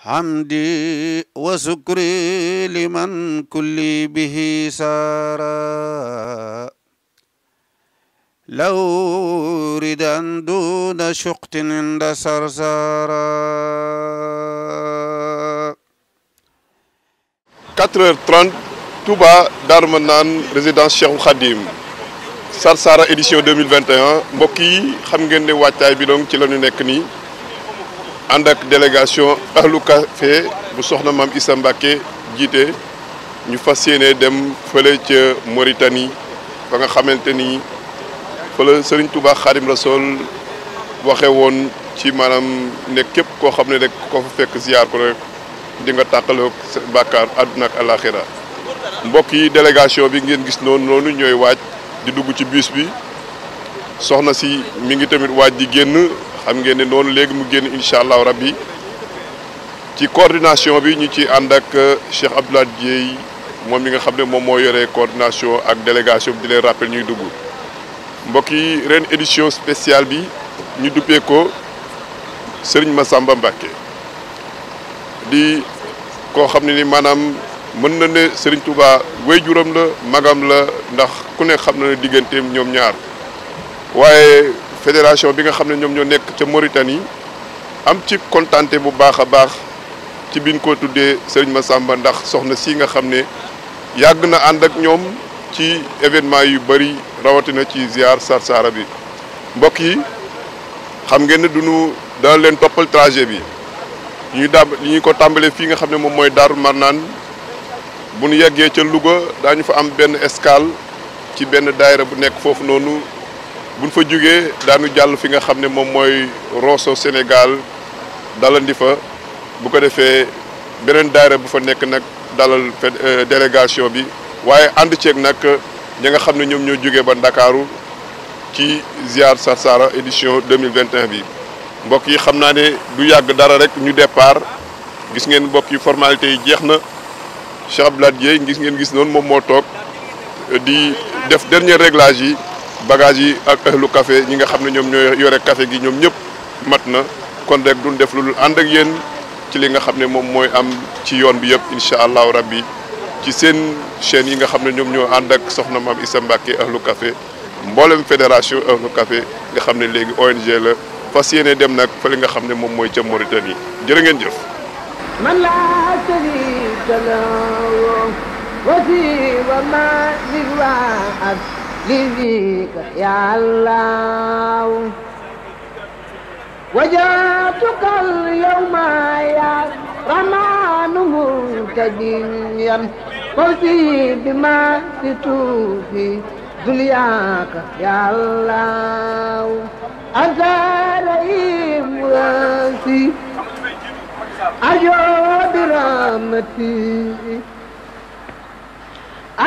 hamdi wa sukri liman kulli bihi saara law ridan duna shuqtin inda sarsara 4h30 Touba Darou Manane résidence Cheikhoul Khadim Sarsara édition 2021 mbokk yi xam ngeen ne wàccaay ci la ñu nekk nii ànd ak délégation ahlu café bu soxna maam Issa Mbacké jiite ñu fas yéene dem fële ca Mauritanie ba nga xamante ni fële sëriñ Touba Xaadim Rasool waxe woon ci maanaam ne képp koo xam ne rek koo fa fekk ziar ko rek di nga tàqaloo bàkkaar àdduna ak alaxira mbokk yi délégation bi ngeen gis noonu noonu ñooy waaj di dugg ci biis bi soxna si mu ngi tamit waaj di génn xam ngeen ne noonu léegi mu génn incha allahu rabbi ci coordination bi ñu ci ànd ak euh, Cheikh Abdoulaye Dieye moom mi nga xam ne moom moo yore coordination ak délégation bi di leen rappel ñuy dugg mbokk yi ren édition spéciale bi ñu duppee ko Serigne Massamba Mbacké di koo xam ne ni maanaam mën na ne Serigne Touba wéyjuram la magam la ndax ku ne xam na ne digganteem ñoom ñaar waaye. fédération bi nga xam ne ñoom ñoo nekk ca Mauritanie am ci kontante bu baax a baax ci biñ ko tuddee ma Massamba ndax soxna si nga xam ne yàgg na ànd ak ñoom ci événement yu bëri rawatina ci ziar Sarsara bi mbokk yi xam ngeen ne duñu dana leen toppal trajet bi ñu daa ñu ko tàmbalee fii nga xam ne moom mooy Daaru Marnaan bu ñu yeggee ca Louga daañu fa am benn escale ci benn daayira bu nekk foofu noonu bu buñ fa jugee daanu jàll fi nga xam ne moom mooy Rosso Sénégal dalandi fa bu ko defee beneen daayira bu fa nekk nag dalal euh, délégation bi waaye ànd ceeg nag ñi nga xam ne ñoom ñoo jugee ba Ndakaaru ci ziar Sarsara édition 2021 bi mbokk yi xam naa ne du yàgg dara rek ñu départ gis ngeen mbokk yi formalité yi jeex na Cheikh Abdoulaye Dieye gis ngeen gis noonu moom moo toog di def dernier réglage yi bagage yi ak ahlu kafe ñi nga xam ne ñoom ñooy yore kafe gi ñoom ñëpp mat na kon rek duñ def lu dul ànd ak yéen ci li nga xam ne moom mooy am ci yoon bi yëpp incha allahu rabbi ci seen chaîne yi nga xam ne ñoom ñoo ànd ak soxna maam Issa Mbacké ahlu café mboolem fédération ahlu café nga xam ne léegi ONG la fas yéene dem nag fa li nga xam ne moom mooy ca Mauritanie jërë ngeen jëf man laa sharika lahu wa fi wa ma لذيك يا الله وجاتك اليوم يا رمان منتديا فوزي بما تتوفي دنياك يا الله أنت رئيم راسي أجو برحمتي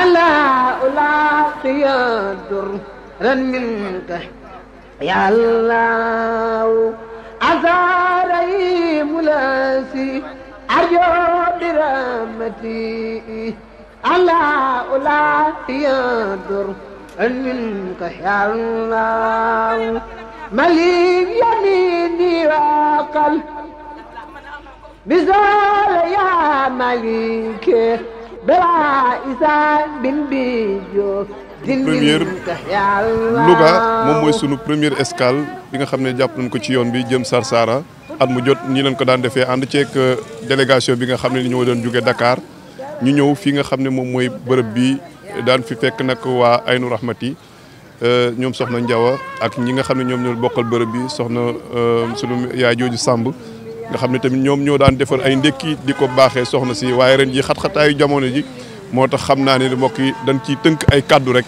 ألا ألاقي درا منك يا الله أزاري ملاسي أرجو برحمتي ألا ألاقي درا منك يا الله مليك يميني وقل بزال يا مليك première Louga moom mooy sunu première escale bi nga xam ne jàpp nañ ko ci yoon bi jëm Sarsara at mu jot ñi leen ko daan defee ànd ceeg euh, délégation bi nga xam ne ñoo doon jóge dakaar ñu ñëw fii nga xam ne moom mooy bërëb bi daan fi fekk nag waa Aynu Rahmati euh, ñoom soxna Njawa ak ñi nga xam ne ñoom ñoo bokkal bërëb bi soxna euh, sunu yaay jooju sàmb nga xam ne tamit ñoom ñoo daan defar ay ndékki di ko baaxee soxna si waaye ren ji xat-xataayu jamono ji moo tax xam naa ne mbokk yi dañ ciy tënk ay kàddu rek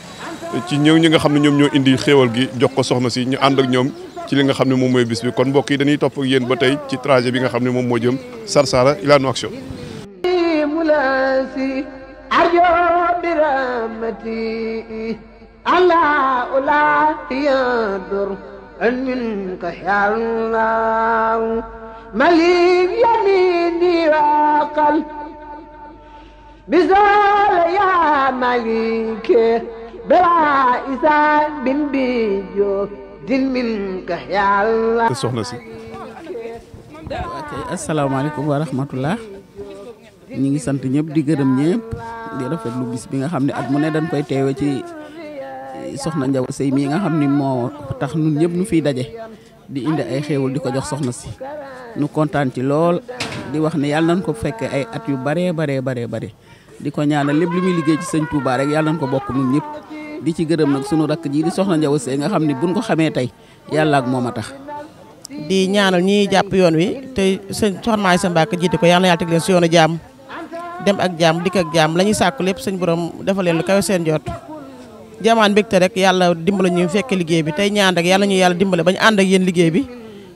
ci ñëw ñi nga xam ne ñoom ñoo indi xéewal gi jox ko soxna si ñu ànd ak ñoom ci li nga xam ne moom mooy bis bi kon mbokk yi dañuy topp ak yéen ba tey ci trajet bi nga xam ne moom moo jëm Sarsara ilaa Nouakchott ala مليك يميني وقل بزول يا مليك بلا إسان بن بيجو دل منك يا الله soxna si asalaamaaleykum wa rahmatullah ñi ngi sant ñëpp di gërëm ñëpp di lu bis bi nga xam ne at mu ne dañ koy teewe ci eh, soxna Njaw Sëy mii nga xam ni moo tax nun ñëpp nu fiy daje di indi ay xéewal di ko jox soxna si nu kontaan ci lool di wax ne yàlla nañ ko fekke ay at yu baree baree baree bare di ko ñaana lépp li muy liggéey ci sëñ Touba rek yàlla nañ ko bokk ñun ñëpp di ci gërëm nag sunu rakk jii di soxna Njaw Sey nga xam ne buñ ko xamee tey yàlla ak moom a tax di ñaanal ñi jàpp yoon wi te sëñ soxna Aïssa Mbacke jiite ko yàlla na teg leen si yoonu jàmm dem ak jàmm dikk ak jàmm la ñuy sàkk lépp sëñ borom dafa leen lu kawe seen jot jamaan mbégte rek yàlla dimbale ñu fekke liggéey bi tey ñaan rek yàlla ñu yàlla dimbale bañ ànd ak yéen liggéey bi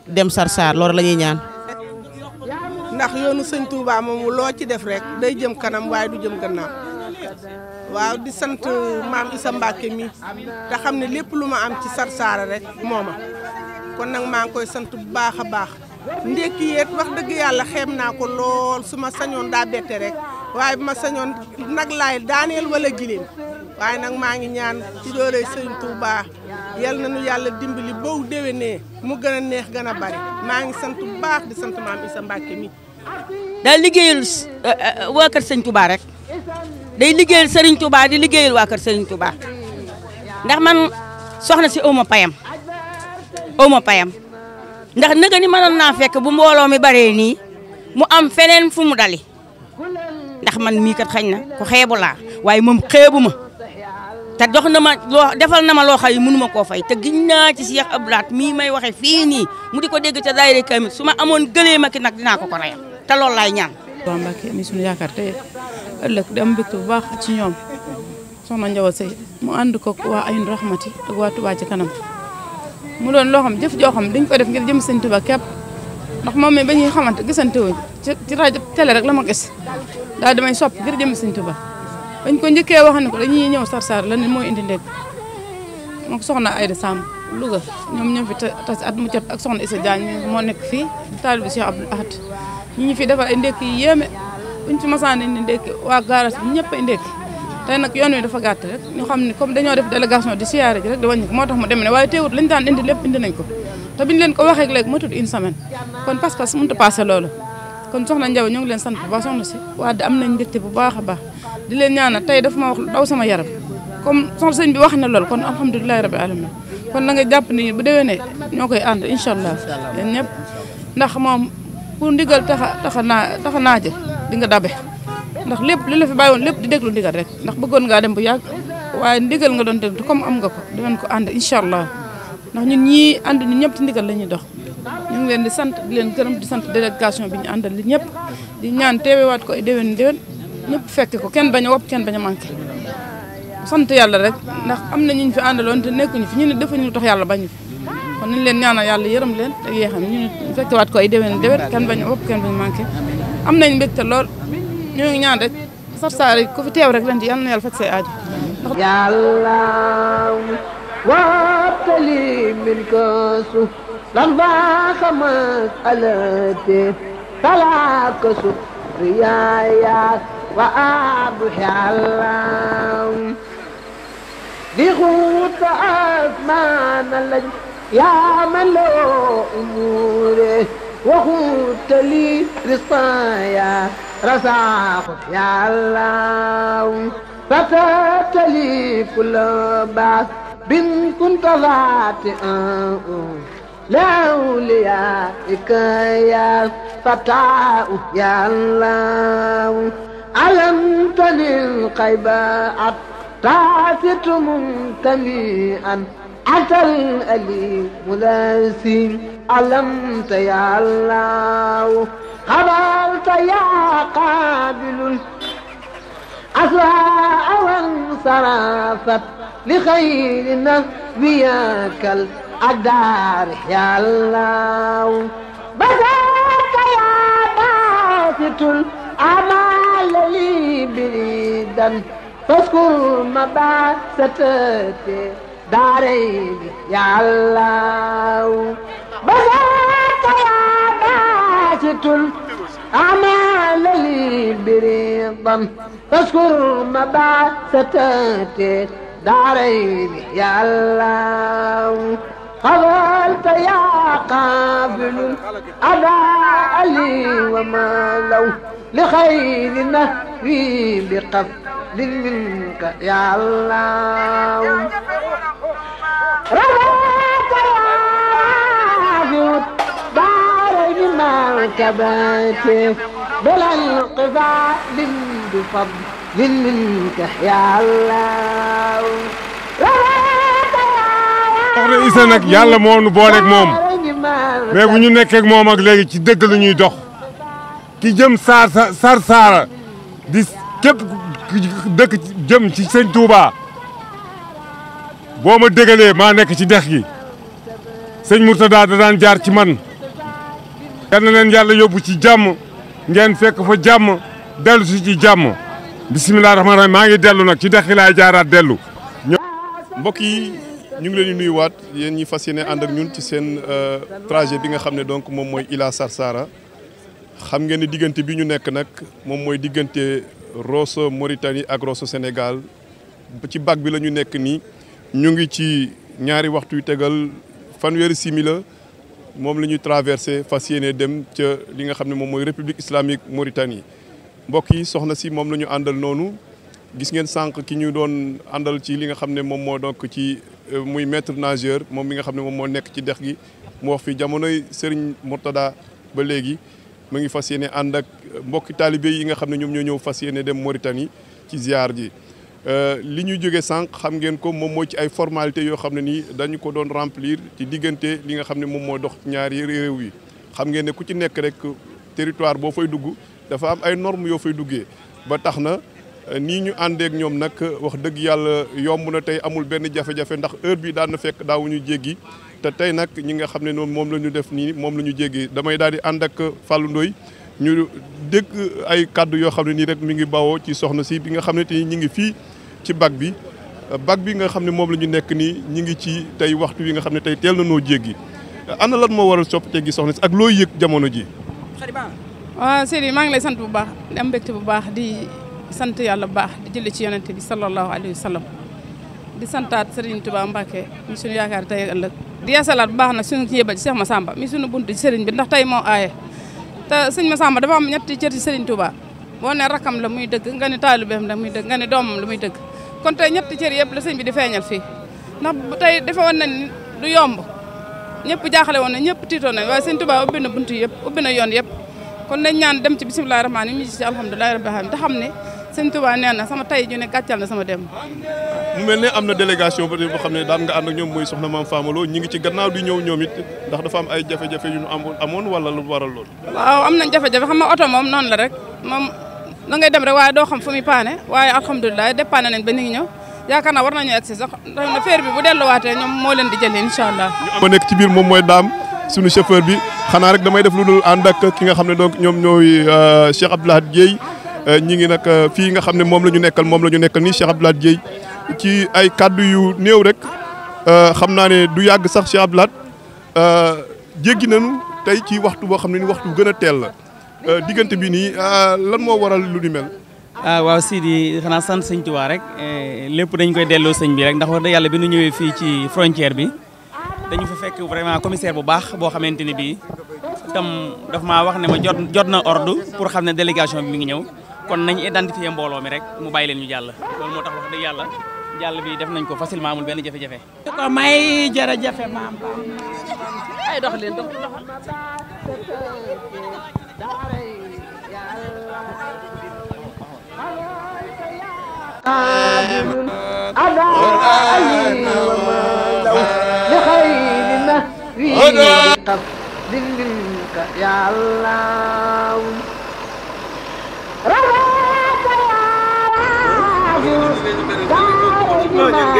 dem Sarsar loolu la lañuy ñaan. ndax yoonu sëñ Touba moom loo ci def rek day jëm kanam waaye du jëm gannaaw waaw di sant maam Issa Mbacke mi xam ne lépp lu ma am ci Sarsara rek mooma kon nag maa ngi koy sant bu baax a baax. ndékki yeet wax dëgg yàlla xeem naa ko lool su ma sañoon daa bette rek waaye bu ma sañoon nag laay daaneel walla gileem waaye nag maa ngi ñaan ci doole sëñ Touba yal nañu yàlla dimbali boo ne mu gën neex gën a bari maa ngi sant bu baax di sant maam Issa Mbacke mi. day liggéeyal eh, eh, waa kër sëñ rek day liggéeyal sëriñ Touba di liggéeyal waa kër sëriñ Touba ndax man soxna si awma payam awma payam ndax naga ni mënoon naa fekk bu mbooloo mi baree nii mu am feneen fu mu dali ndax man mii kat xañ na ku xeebu laa waaye moom xeebu ma. te dox na ma loo defal na ma loo xam ne mënu ma koo fay te giñ naa ci Cheikh Abdou Lahat mii may waxe fii nii mu di ko dégg ca daayira kamil su ma amoon gëlee ma nag dinaa ko ko reyal te loolu laay ñaan. waaw Mbacke mi sunu yaakaar tey ëllëg di am bu baax ci ñoom soxna Njawa Sey mu ànd ko waa Ayun Rahmati ak waa Touba ci kanam mu doon loo xam jëf joo xam dañ ko def ngir jëm sëñ Touba képp ndax moom mi ba ñuy xamante gisante wuñ ci rajo télé rek la ma gis daal damay sopp ngir jëm sëñ Touba. dañ ko njëkkee wax ne ko dañuy ñëw Sarsar la ne mooy indi ndeg moom soxna Aïda Samb Louga ñoom ñoom fi tas at mu jot ak soxna Issa Diagne moo nekk fii taalibe bi Cheikh Abdoul Ahad ñi ñu fi defar ay ndekki yi yéeme buñ ci masaan indi ndekki waa garage ñëpp ay ndekki tey nag yoon wi dafa gàtt rek ñu xam ne comme dañoo def délégation di siyaare rek di wàññi ko moo tax mu demee ne waaye teewut lañ daan indi lépp indi nañ ko te biñ leen ko waxee léegi matut une semaine kon parce que mënut a passé loolu kon soxna leen sant bu baax soxna si waa bu baax a baax di leen ñaanal tey dafa ma wax daw sama yaram comme soxna sëñ bi wax na lool kon alhamdulilahi rabbi alamin kon na nga jàpp ni bu déwénee ñoo koy ànd incha allah yéen ndax moom pour ndigal taxa taxa naa taxa naaje di nga dabe ndax lépp li la fi bàyyi woon lépp di déglu ndigal rek ndax bëggoon ngaa dem bu yàgg waaye ndigal nga doon déglu comme am nga ko dinañ ko ànd incha allah ndax ñun ñii ànd ñun ñëpp ci ndigal la ñuy dox ñu ngi leen di sant di leen gërëm di sant délégation bi ñu àndal ñëpp di ñaan teewewaat ko ay déwén ñëpp fekke ko kenn bañ a wopp kenn bañ a manqué sant yàlla rek ndax am na ñuñ fi àndaloon te nekkuñu fi ñu ne defuñu lu tax yàlla bañu fi kon nañ leen ñaanal yàlla yërëm leen te yeexam ñu ne fekkewaat ko ay déwén déwén kenn bañ a wopp kenn bañ a manqué am nañ mbégte lool ñu ngi ñaan rek Sarsar yi ku fi teew rek lañ ci yàlla na yàlla faj say aajo yàlla wattali min kasu lan baaxamak alate talakasu riyaayat وأعبد الله لغوت أثمان الذي يعمل أموره وغوت لي رصايا رزاق يا الله فتات لي كل بعث بن كنت ذاتئا لأوليائك يا فتاة يا الله ألم تنل قيباء تعثت ممتلئا أتى الأليم لاسي ألمت يا الله خبرت يا قابل أساء وانصرفت لخير نبياك الأدار يا الله بذاك يا باسط الأمان جعل لي بريدا فاذكر مبعثة دارين يا الله بذلك يا باسط أعمال لي بريضا فاذكر مبعثة دارين يا الله قبلت يا قابل أداء لي وما لو لخير نهوي بقبل منك يا الله رضاك يا عبد دارين مركباتك بلا انقطاع بفضل منك يا الله soxna Issa nag yàlla moo nu booleeg moom mais bu ñu nekkeeg moom ak léegi ci dëgg la ñuy dox ki jëm saar sar saara di képp dëkk jëm ci sëñ Touba boo ma dégalee maa nekk ci dex gi sëñ Mourtada da daan jaar ci man yal na leen yàlla yóbbu ci jàmm ngeen fekk fa jàmm dellu si ci jàmm bisimilah rahmaani rahiim maa ngi dellu nag ci dex gi laay jaaraat dellu mbokk yi ñu ngi leen di nuyuwaat yéen ñi fas yéene ànd ak ñun ci seen euh, trajet bi nga xam ne donc moom mooy Ila Sarsara xam ngeen ni diggante bi ñu nekk nag moom mooy diggante rosa Mauritanie ak Rosso Sénégal ci bac bi la ñu nekk nii ñu ngi ci ñaari waxtu yu tegal fanweeri simila moom la ñuy traversé fas yéene dem ca li nga xam ne moom mooy république islamique Mauritanie mbokk yi soxna si moom la ñu àndal noonu gis ngeen sànq ki ñu doon àndal ci li nga xam ne moom moo donc ci euh, muy maître nageur moom mi nga xam ne moom moo nekk ci dex gi mu wax fi jamonoy Serigne Mourtada ba léegi mu ngi fas yéene ànd ak mbokki taalibe yi nga xam ne ñoom ñoo ñëw fas yéene dem Mauritanie ci ziar ji. Euh, li ñu jóge sànq xam ngeen ko moom mooy ci ay formalité yoo xam ne nii dañu ko doon remplir ci diggante li nga xam ne moom moo dox ñaari réew yi xam ngeen ne ku ci nekk rek territoire boo fay dugg dafa am ay normes yoo fay duggee ba tax na. Euh, nii ñu àndeek ñoom nag wax dëgg yàlla yomb na tey amul benn jafe-jafe ndax heure bi daan na fekk daawuñu jéggi te tey nag ñi nga xam ne noonu moom la ñu def nii moom la ñu jéggi damay daal di ànd ak Fallou ñu dégg ay kàddu yoo xam ne nii rek mi ngi bawoo ci soxna si bi nga xam ne tey ñi ngi fii ci bac bi bac bi nga xam ne moom la ñu nekk nii ñi ngi ci tey waxtu wi nga xam ne tey teel na noo jéggi na lan moo war waral soppite gi soxna si ak loo yëg jamono ji waaw ah, Seydou maa ngi lay sant bu baax di am mbégte bu baax di sant yàlla bu baax di jëlee ci yonente bi sallallahu di santaat Serigne Touba Mbacké mi suñu yaakaar tey ak ëllëg di yasalaat baax na suñu yëbal seex ma Massamba mi suñu buntu ci Serigne bi ndax tey moo aaye te ma Massamba dafa am ñetti cër ci Serigne Touba boo ne rakam la muy dëgg nga ne taalibeem la muy dëgg nga ne doomam la muy dëgg kon tey ñetti cër yëpp la sëñ bi di feeñal fi ndax tey defe woon nañ du yomb ñëpp jaaxale woon na ñëpp tiitoon nañ waaye Serigne Touba ubbi na buntu yëpp ubbi na yoon yëpp kon nañ ñaan dem ci bisimilah rahmaani ñu ci alhamdulilah rabbil alamin xam ne sëñ Touba nee na sama tay ju ne gàccal na sama dem mu mel ne am na délégation ba boo xam ne daan nga ànd ak ñoom mooy soxna maam Faamalo ñi ngi ci gannaaw di ñëw ñoom it ndax dafa am ay jafe-jafe yu ñu amoon wala lu waral loolu waaw am nañ jafe-jafe xam nga oto moom noonu la rek moom da ngay dem rek waaye doo xam fu muy paane waaye alhamdulilah dépanne nañ ba ni ngi ñëw yaakaar naa war nañu egsi sax dax na feer bi bu delluwaatee ñoom moo leen di jëlee incha allah ma nekk ci biir moom mooy daam suñu chauffeur bi xanaa rek damay def lu dul ànd nga xam ne donc ñoom ñooy euh, Cheikh Abdoulaye Dieye Euh, ñi ngi nag euh, fii nga xam ne moom la ñu nekkal moom la ñu nekkal nii Cheikh Abdoulaye Dieye ci ay kàddu yu néew rek euh, xam naa ne du yàgg sax Cheikh Abdoulaye jéggi nañu tey ci waxtu boo xam ne ni waxtu gën a teel la diggante bi nii lan moo waral lu ni mel. ah waaw Sidi xanaa sant sëñ Tuubaa rek eh, lépp dañ koy delloo sëñ bi rek ndax wax dëgg yàlla bi nu ñëwee fii ci frontière bi dañu fa fekk vraiment commissaire bu baax boo xamante ni bii tam daf maa wax ne ma jot jot na ordre pour xam ne délégation bi mi ngi ñëw. kon nañ identifier mbooloo mi rek mu bàyyi leen ñu jàll loolu moo tax wax dëgg yàlla jàll bi def nañ ko facilement amul benn jafe-jafe. ko may jërëjëf maam ba ay dox leen dox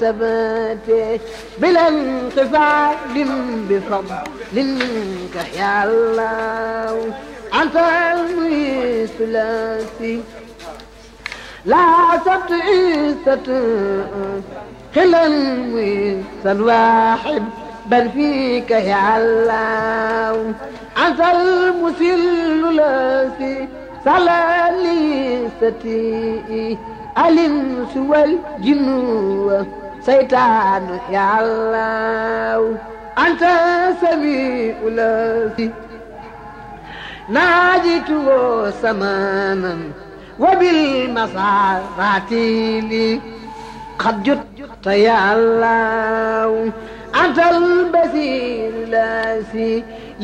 ثباتي بلا انقفال بفضلك يا الله أنت أمري ثلاثي لا تطعي خلا ويسا واحد بل فيك يا الله أنت المسل لاسي سلا لي ستي الانس والجن seytaanu yàllaaw anta samiu laasi naajitu woo samaanan wa bil masaaraatili qad jutta yàllaaw anta albasiiru laasi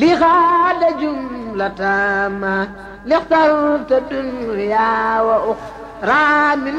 li xaada jumlatama lixtarta dunya wa uxra min